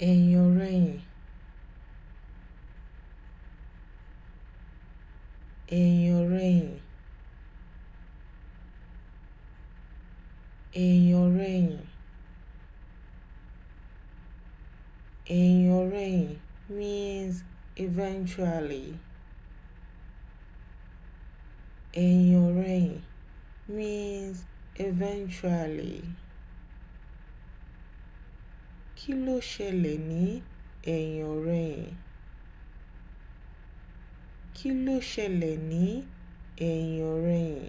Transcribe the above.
In in your rain, your rain, in your rain, in your rain means eventually In your rain means eventually. kí ló ṣẹlẹ̀ ní ẹ̀yìnọ̀rẹyìn kí ló ṣẹlẹ̀ ní ẹ̀yìnọ̀rẹyìn